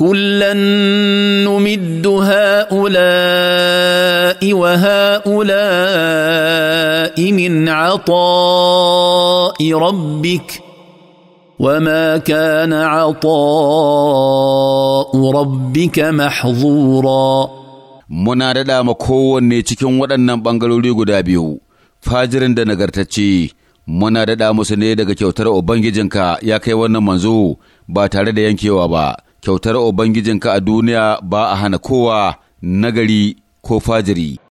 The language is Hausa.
كلا نمد هؤلاء وهؤلاء من عطاء ربك وما كان عطاء ربك محظورا muna daɗa ma kowanne cikin waɗannan ɓangarori guda biyu fajirin da nagartacce muna daɗa musu ne daga kyautar ubangijinka ya kai wannan manzo ba tare da yankewa ba kyautar Ubangijinka a duniya ba a hana kowa nagari ko fajiri.